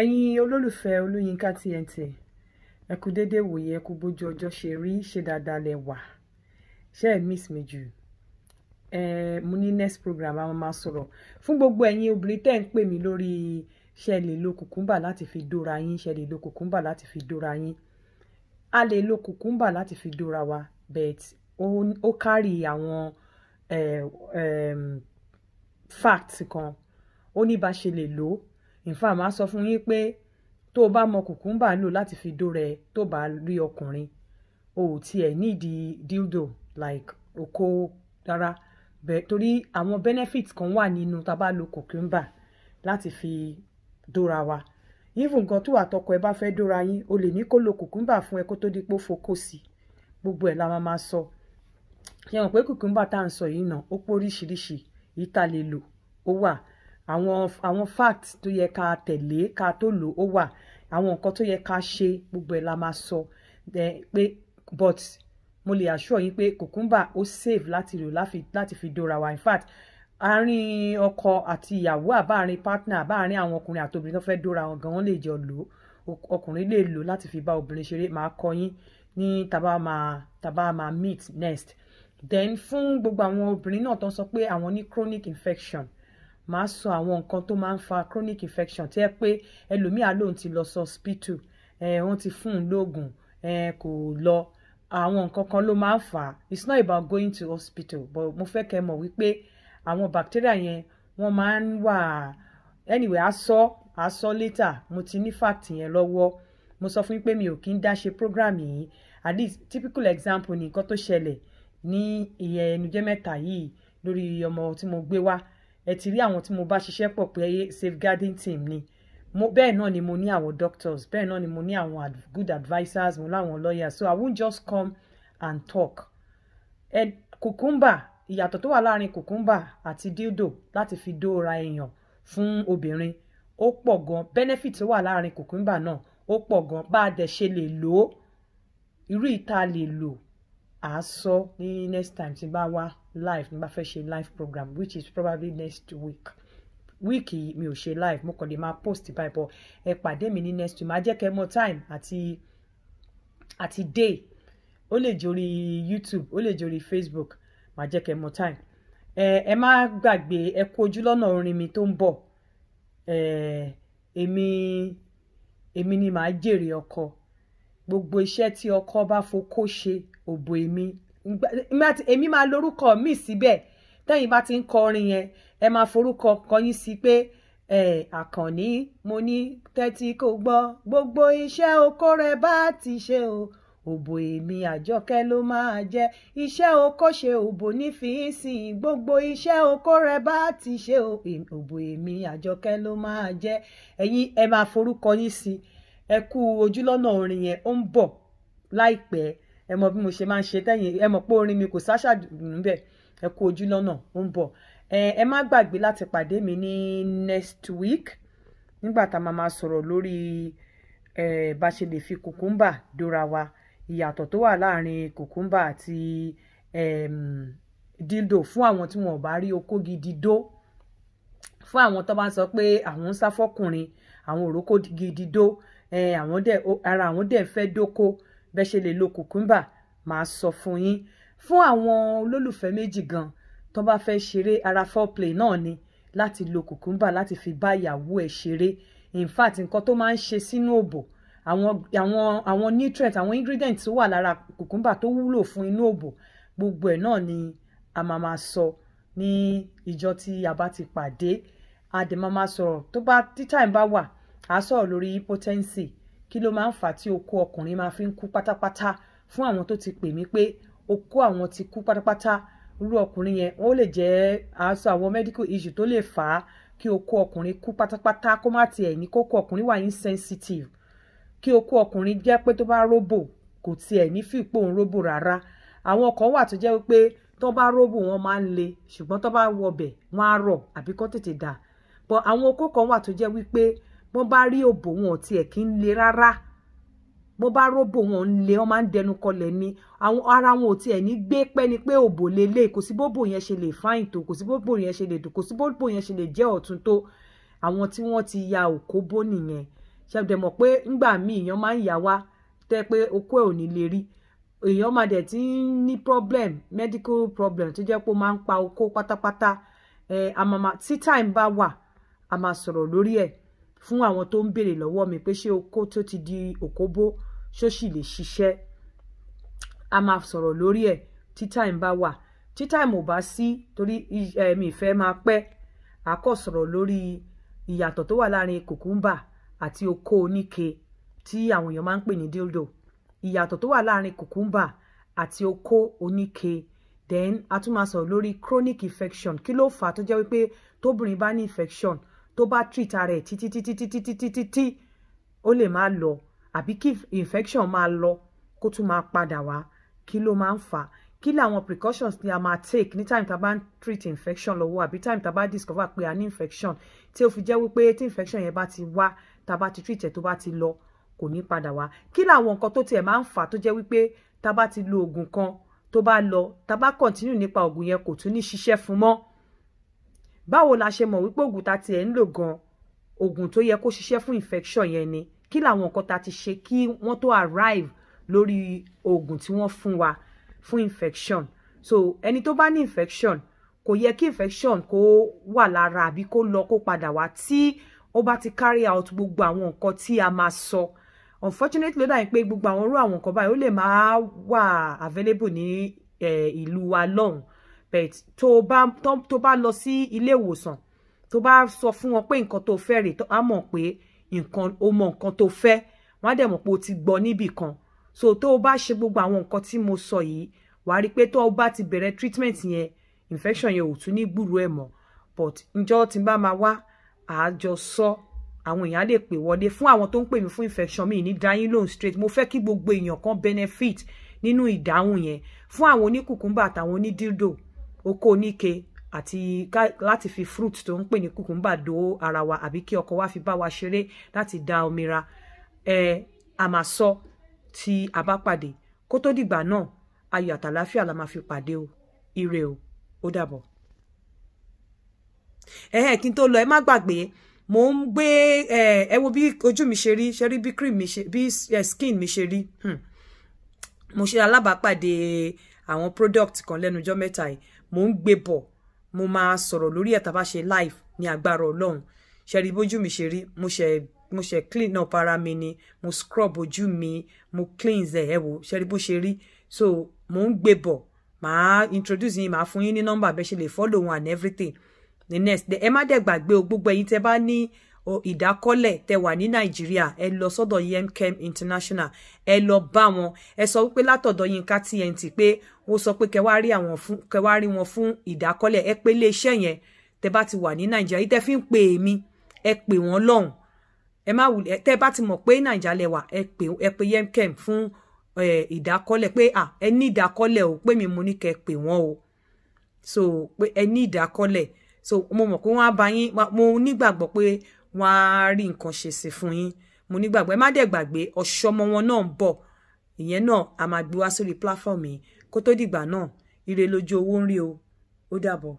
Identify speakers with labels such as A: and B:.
A: ẹ̀yin olólùfẹ́ olóyinka TNT ẹ kú dédé wòye ẹ kú bójú ọjọ́ ṣe rí ṣe dáadáa lẹ wà ṣe ẹ miss mi jù ẹ mo ní next program a máa sọ̀rọ̀ fún gbogbo ẹ̀yin obìnrin tẹ́ ń pè mí lórí ṣe lè lo kùkúmbà láti fi dóra yín ṣe lè lo kùkúmbà láti fi dóra yín a lè lo kùkúmbà láti fi dóra wa but ó kárí àwọn eh, eh, facts kan ó ní bá ṣe lè lò ó in fact màá sọ fún yín pé tó o bá mọ kùkúmbà lò láti fi dó rẹ tó bá rí ọkùnrin o ò tiẹ̀ nídìí dildo like okó rárá bẹ́ẹ̀ torí àwọn benefits kan wà nínú tá a bá lo kùkúmbà láti fi dóra wa even nǹkan tó àtọkọ ẹ bá fẹ́ dóra yín o lè ní kó lo kùkúmbà fún ẹ kó tó di pé ó fokó sí gbogbo ẹ̀ la máa máa sọ ṣe hàn pé kùkúmbà tá à ń sọ yìí náà ó pọ̀ oríṣiríṣi yìí tá lè lò ó wà àwọn àwọn fact tó yẹ ká tẹ̀lé ká tó lò ó wà àwọn nǹkan tó yẹ ká ṣe gbogbo ẹ̀ la máa sọ pé but mo lè assure yín pé kùkúmbà ó safe láti lò láti fi dóra wa in fact àárín ọkọ àti ìyàwó àbáàrin partner àbáàrin àwọn ọkùnrin àti obìnrin tó fẹ́ dóra wọn gan-an lè jọ lò ọkùnrin lè lò láti fi bá obìnrin ṣeré máa kọ́ yín ní tàbá máa tàbá máa meet next then fún gbogbo àwọn obìnrin náà tó ń sọ pé àwọn ní chronic infection màá sọ àwọn nǹkan tó máa ń fa chronic infection tí ẹ pé ẹlòmíà lòun ti lọ sọ hospital ẹ wọ́n ti fún un lóògùn ẹ kò lọ àwọn nǹkan kan ló máa ń fà á it's not about going to hospital but mo fẹ́ kẹ́ mọ̀ wípé àwọn bacteria yẹn wọ́n máa ń wà anyway a sọ a sọ later mo ti ní fact yẹn lọ́wọ́ mo sọ fún yín pé mi ò kí ń dá ṣe program yìí at least typical example ni nǹkan tó ṣẹlẹ̀ ní ìyẹn ẹnujẹ́ mẹ́ta yìí lórí ọmọ tí mo gbé wá ẹ ti rí àwọn tí mo bá ṣiṣẹ́ pọ̀ pé safeguarding team ni mo bẹ́ẹ̀ náà ni mo ní àwọn doctors bẹ́ẹ̀ náà ni mo ní àwọn good advisers mo láwọn lawyers so I won't just come and talk ẹ kùkúmbà ìyàtọ̀ tó wà láàrin kùkúmbà àti dildo láti fi dóora èèyàn fún obìnrin ó pọ̀ gan benefit tó wà láàrin kùkúmbà náà ó pọ̀ gan bá a dẹ̀ ṣe lè lò ó irú ìta lè lò à á sọ ní next time tí n bá wá live n bá fẹ́ ṣe live program which is probably next week wíìkì mi ò ṣe live mo kàn lè máa post báyìí bọ ẹ pàdé mi ní next week máa jẹ́ kẹ́ mọ̀ time àti àti day ó lè jẹ́ YouTube ó lè jẹ́ Facebook máa jẹ́ kẹ́ mọ̀ time ẹ ẹ má gbàgbé ẹ kú ojú lọ́nà orin mi tó ń bọ̀ èmi èmi ni màá jèrè ọkọ gbogbo iṣẹ́ tí ọkọ bá fokó ṣe òbò èmi èmi máa lórúkọ mi síbẹ̀ tẹ́yìn bá ti ń kọrin yẹn ẹ máa forúkọ kọyín sí pé àkànní mo ní tẹ́tí kò gbọ́ gbogbo iṣẹ́ okó rẹ bá ti ṣe o òbò èmi àjọkẹ́ ló máa jẹ́ iṣẹ́ okó ṣe òbò nífìsìn gbogbo iṣẹ́ okó rẹ bá ti ṣe òbò èmi àjọkẹ́ ló máa jẹ́ ẹ̀yin ẹ máa forúkọ yín sí i ẹ kú ojúlọ́nà orin yẹn ó ń bọ̀ láìpẹ́ ẹ mọ bí mo ṣe máa ń ṣe tẹ́yìn ẹ mọ̀ pé orin mi kò sáṣà dùn níbẹ̀ ẹ kú ojúlọ́nà ó ń bọ̀ ẹ má gbàgbé láti pàdé mi ní next week nígbà tá a máa sọ̀rọ̀ lórí bá a ṣe lè fi kùkúmbà dóra wa ìyàtọ̀ tó wà láàrin kùkúmbà àti dildo fún àwọn tí wọn ò bá rí okó gidi dó fún àwọn tó bá sọ pé àwọn ń sá fọkùnrin àwọn òrókó gidi dó àwọn dẹ̀ ara àwọn dẹ̀ fẹ́ dóko bẹ́ ṣe lè lo kùkúmbà màá sọ fún yín fún àwọn olólùfẹ́ méjì gan tó bá fẹ́ ṣeré ara foreplay náà ni láti lo kùkúmbà láti fi bá ìyàwó ẹ̀ ṣeré in fact nǹkan tó máa ń ṣe sínú òbò àwọn àwọn àwọn nutrient àwọn ingredient tó wà lára kùkúmbà tó wúlò fún inú òbò gbogbo ẹ̀ náà ni a máa máa sọ ní ìjọ tí a bá ti pàdé a dẹ̀ máa máa sọ̀rọ̀ tó bá tí time bá wà a sọ̀rọ̀ lórí impotency kí ló máa ń fà tí okó ọkùnrin máa fi ń kú pátápátá fún àwọn tó ti pè mí pé okó àwọn ti kú pátápátá irú ọkùnrin yẹn ó lè jẹ́ àásọ àwọn medical issue tó lè fà á kí okó ọkùnrin kú pátápátá kó má tiẹ̀ ní kókó ọkùnrin wà insensitive kí okó ọkùnrin jẹ́ pé tó bá róbò kò tiẹ̀ ní fìpò òun róbò rárá àwọn kan wà tó jẹ́ pé tó bá róbò wọn máa ń le ṣùgbọ́n tó bá wọbẹ̀ wọn á rọ̀ àbí kó tètè dà but àwọn okó kan wà tó jẹ́ wípé wọ́n bá rí òbò wọn ò tiẹ̀ kí ń le rárá bó bá róbò wọn ń le wọn máa ń dẹnu kọlẹ̀ ni àwọn ara wọn ò tiẹ̀ ní gbé pẹ́ni pé òbò lélẹ kò sí bóbò yẹn ṣe lè fáìn tó kò sí bóbò yẹn ṣe lè dùn kò sí bóbò yẹn ṣe lè jẹ́ ọ̀tún tó àwọn tí wọ́n ti ya òkó bó nìyẹn ṣàbẹ̀dẹ̀ mọ̀ pé ńgbà míì èèyàn máa ń yà wá tẹ́ pé okó ẹ̀ ò ní lè rí èèyàn máa dẹ̀ ti ní problem medical problem tó jẹ́ pé ó máa ń pa okó pátápátá ẹ̀ àmàmà tí time bá wà a sọ̀rọ̀ lórí ẹ̀ fún àwọn tó ń béèrè lọ́wọ́ mi pé ṣé oko tó ti di òkóbó ṣó sì lè ṣiṣẹ́ a máa sọ̀rọ̀ lórí ẹ̀ tí time bá wà tí time ò bá sí torí mi ìfẹ́ máa pẹ́ a lórí ìyàtọ̀ tó wà láàrin kùkúmbà àti oko oníke tí àwọn èèyàn máa ń pè ní dildo ìyàtọ̀ tó wà láàrin kùkúmbà àti oko oníke then a tún máa sọ̀rọ̀ lórí chronic infection kí ló fà á tó jẹ́ wípé tóbìnrin bá ní infection tó bá treat ara ẹ̀ títí títí títí títí títí ó lè má lọ àbí kí infection máa lọ kó tún máa padà wá kí ló máa ń fà á kí làwọn precautions ni a máa take ní time tá a bá ń treat infection lọ́wọ́ àbí time tá a bá discover pé a ní infection tí ó fi jẹ́ wípé tí infection yẹn bá ti wá tá a bá ti treat ẹ̀ tó bá ti lọ kò ní padà wá kí làwọn nǹkan tó tiẹ̀ máa ń fà tó jẹ́ wípé tá a bá ti lo oògùn kan tó bá lọ tá a bá continue nípa oògùn yẹn kò tún ní ṣiṣẹ́ fún mọ́ báwo la ṣe mọ̀ wípé oògùn ta tiẹ̀ ń lò gan oògùn tó yẹ kó ṣiṣẹ́ fún infection yẹn ni kí làwọn nǹkan ta ti ṣe kí wọ́n tó arrive lórí oògùn tí wọ́n fún wa fún infection so ẹni tó bá ní infection kò yẹ kí infection kó wà lára àbí kó lọ kó padà wá tí ó bá ti carry out gbogbo àwọn nǹkan tí a máa sọ unfortunately ló dàbí pé gbogbo àwọn irú àwọn nǹkan báyìí ó lè máa wà available ní eh, ìlú wa lọ́hùn-ún but tó bá tó bá lọ sí ilé ìwòsàn tó bá so fun, wọn pé nǹkan tó fẹ́ rèé á mọ̀ pé nǹkan ó mọ nǹkan tó fẹ́ wọ́n á dẹ̀ mọ̀ pé o ti gbọ́ níbì kan so tó o bá ṣe gbogbo àwọn nǹkan tí mo sọ yìí wàá rí i pé tó ti bere treatment yẹn infection yẹn o tún ní gbúrú ẹ̀ mọ́ but ǹjọ́ tí n bá máa wá àájọ sọ àwọn èèyàn á lè pè wọlé fún àwọn tó ń pè infection mi ni dáyín lóhùn straight mo fẹ́ kí gbogbo èèyàn kan benefit nínú Fun yẹn fún àwọn oníkùkùmbà ni onídíldò oko oníke àti láti fi fruit tó ń pè ní kùkùmbà dó ara wa àbí kí ọkọ wa fi bá wa ṣeré láti da omi ra ẹ a tí a bá pàdé kó tó dìgbà náà ayọ̀ àtàláfíà la máa fi pàdé o ire o ó dàbọ̀. ẹ̀hẹ́n kí n tó lọ ẹ má gbàgbé mo ń gbé ẹ wo bí ojú mi ṣe rí ṣe rí bí cream mi ṣe bí skin mi ṣe rí hmm. mo ṣe alábàápàdé àwọn product kan lẹ́nujọ́ mẹ́ta yìí mò ń gbé bọ̀ mo máa sọ̀rọ̀ lórí ẹ̀ tá a bá ṣe live ní agbára ọlọ́run ṣẹ̀rí bójú mi ṣe rí mo ṣe mo ṣe clean up ara mi ni mo scrub ojú mi mo cleanse ẹ̀ wò ṣẹ̀rí bó ṣe rí so mò ń gbé bọ̀ màá introduce yín màá fún yín ní nọ́mbà bẹ́ẹ̀ ṣe lè follow one and everything the next day ẹ má dẹ̀ gbàgbé o gbogbo ẹ̀yin tẹ́ bá ní ìdákọ́lẹ̀ tẹ wà ní nàìjíríà ẹ lọ sọ́dọ̀ yemkem international ẹ lọ bá wọn ẹ sọ wípé látọ̀dọ̀ yinka tnt pé ó sọ pé kẹwàá rí àwọn fún kẹwàá rí wọn fún ìdákọ́lẹ̀ ẹ pé iléeṣẹ́ yẹn tẹ bá ti wà ní nàìjíríà yìí tẹ fi ń pè mí ẹ pè wọ́n lọ́hùn ẹ má wulẹ̀ tẹ bá ti mọ̀ pé nàìjíríà lẹ wà ẹ pè yemkem fún ìdákọ́lẹ̀ pé ẹ ní ìdákọ́lẹ̀ o pé mi mo ní kẹ pè wọ́n o so pé ẹ ní ìdákọ́lẹ̀ so mo mọ̀ pé wọ́n á bá yín mo nígbàgbọ́ pé wọ́n á rí nǹkan ṣe sí fún yín mo nígbàgbọ́ ẹ má dẹ̀ gbàgbé ọ̀ṣọ́mọ wọn náà ń bọ̀ ìyẹn náà a máa gbé wá sórí platform yìí kó tó dìgbà náà ire lójú owó ń rí o ó dàbọ̀.